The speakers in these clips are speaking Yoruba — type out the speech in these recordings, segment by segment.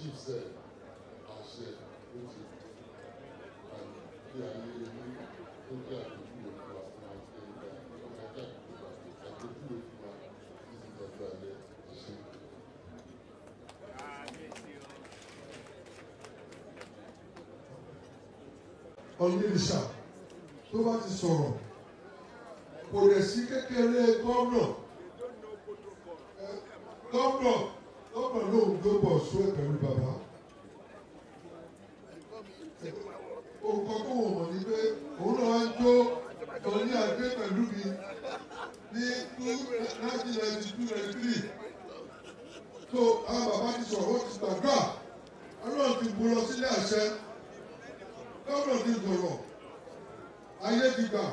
chief the àṣẹ ó ti àgbẹ̀ ayé ní ó jẹ́ àgbẹ̀kúwò fún wa fún àgbẹ̀ ìgbà ọ̀gá jẹ́ àgbẹ̀kúwò àgbẹ̀kúwò fún wa ní ti gbàgbé alẹ́ ẹ̀ṣẹ̀. ọ̀nìyànṣà tó bá ti sọ̀rọ̀ kò rẹ̀ sí kékeré gómìnà gómìnà gbé bọ̀ sún ẹ̀ pẹ̀lú bàbá. Òkò tó wò wọ̀ ni pé òun náà wá ń jó torí àgbé pẹ̀lú mi ní nineteen ninety two ninety three. So àwọn bàbá ti sọ̀rọ̀ ó ti gbàgbà. Ọlọ́run ti bu lọ sílé àṣẹ. Lọ́rọ̀ ti gbọ̀rọ̀. Ayé ti gbà.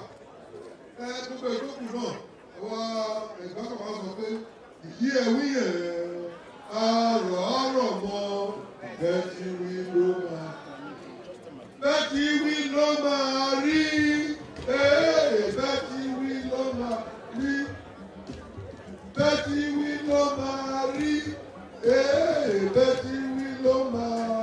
bẹ́tí wí ló máa bẹ́tí wí ló máa rí bẹ́tí wí ló máa rí bẹ́tí wí ló máa rí bẹ́tí wí ló máa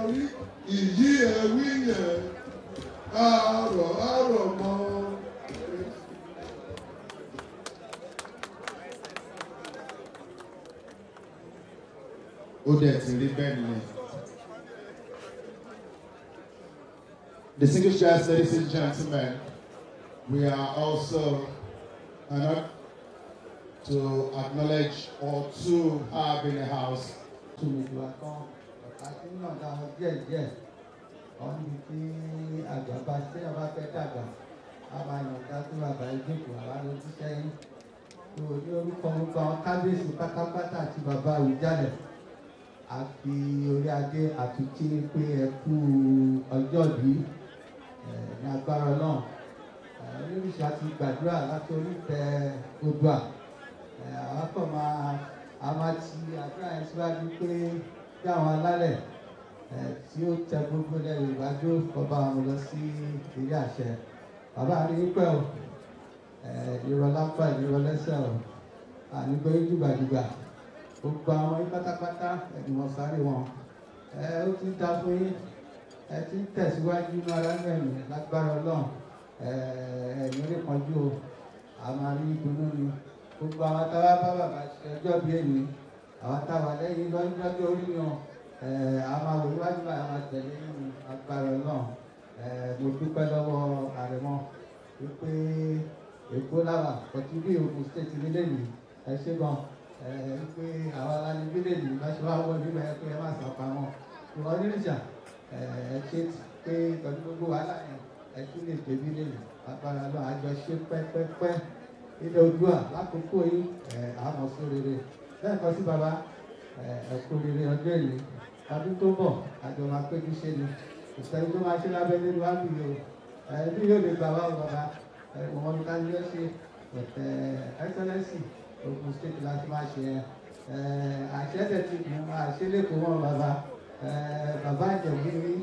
ti rí bẹ́ẹ̀ nìyẹn. Distinguished guests, ladies and gentlemen, we are also honored to acknowledge all to have in the house. To ìlú akọ àti nàdà díẹ̀ díẹ̀ wọn ní kí àgbà bá àti orí adé àti kí pé ẹ kú ọjọ́ bíi ní agbára Ọlọ́run olóríṣà ti gbàdúrà láti olùtẹ odua àwọn kan máa a máa ti àdúrà yẹn síwájú pé kí àwọn alálẹ̀ tí ó tẹ gbogbo ilẹ̀ Yorùbá jó kọba àwọn lọ sí ilé àṣẹ bàbá rí pẹ́ o ìrọ̀lápá ìrọ̀lẹ́sẹ̀ o ànígbé dùgbàdùgbà gbogbo àwọn yín pátápátá ẹ̀dùnmọ̀sáré wọn ó ti dá fún yín ẹ ti ń tẹ̀síwájú ní arábẹ̀rún lágbára ọlọ́run ẹ̀yìn orí kan jù ó àmàlí ìdùnnú ni gbogbo àwọn táwa bá bàbá ṣe ọjọ́ bíi èmi àwọn táwa lẹ́yìn lọ́jọ́ orí yan àmà òwúwájú àmà tẹ̀lé nínú agbára ọlọ́run mo dúpẹ́ lọ́wọ́ àrẹ̀mọ wípé èkó làwà kọtí bí Ògùn state nílé mi ẹ ṣe gan wípé àwọn aláníbílẹ̀ yìí bá ṣe wá wọ nígbà yẹn pé ẹ má sá pamọ́ ìwọ Eh, ẹ ṣe pé ìtọ́jú gbogbo wàhálà yẹn ẹ tún lè débi lèlè agbára lọ àjọ ṣe pẹ́pẹ́pẹ́ nínú Oòduà lákòókò yìí ẹ àmọ̀ fún rere lẹ́ẹ̀kan sí baba eh, ẹ kú rere ọjọ́ èlé tàbí tó bọ̀ àjọ máa péjú ṣe ni ìṣẹ́ni tó máa ṣe lábẹ́ nínú àbíyọ ẹ bí eh, yóò lè gbà wá baba ẹ wọn ká ní ó ṣe ẹ ẹsẹlẹsì Ògùn state láti máa ṣe ẹ àṣẹ tẹ̀ ti mú àṣẹ lẹ́kọ̀ọ́ wọn baba bàbá ìjẹ̀wérí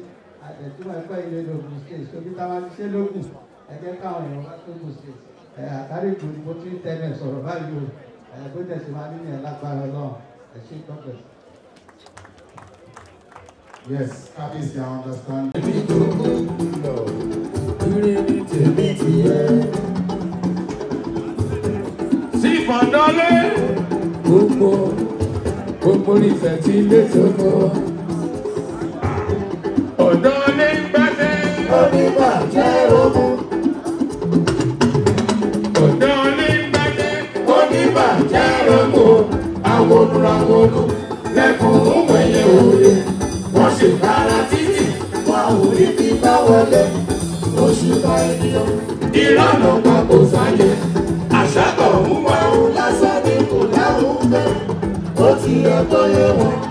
àtẹ̀túmọ̀ ẹgbẹ́ ilé lóògùn state tóbi táwọn ṣe lóògùn ẹgbẹ́ káwọn èèyàn bá lóògùn state àtàrí ìgbò ni mo ti ń tẹnu ẹ̀ báyìí o bó tẹ̀ máa nínú ẹ̀ lágbára náà ẹ̀ ṣe tọ́pẹ̀. Yes, Kábíyèsí, I understand. Èmi Sí Ìfọ̀dọ́lé. Gbogbo gbogbo ìfẹ̀ tí ilé tó kọ́. odò lẹ́kùn òmòye òde wọ́n ṣe bára títì wọ́n ò rí bí bá wọlé oṣù bá ènìyàn ìlànà papò sáyé àṣàkọ̀ ń wá lásán ní kò láwùjọ ó ti yẹ kó yé wọn.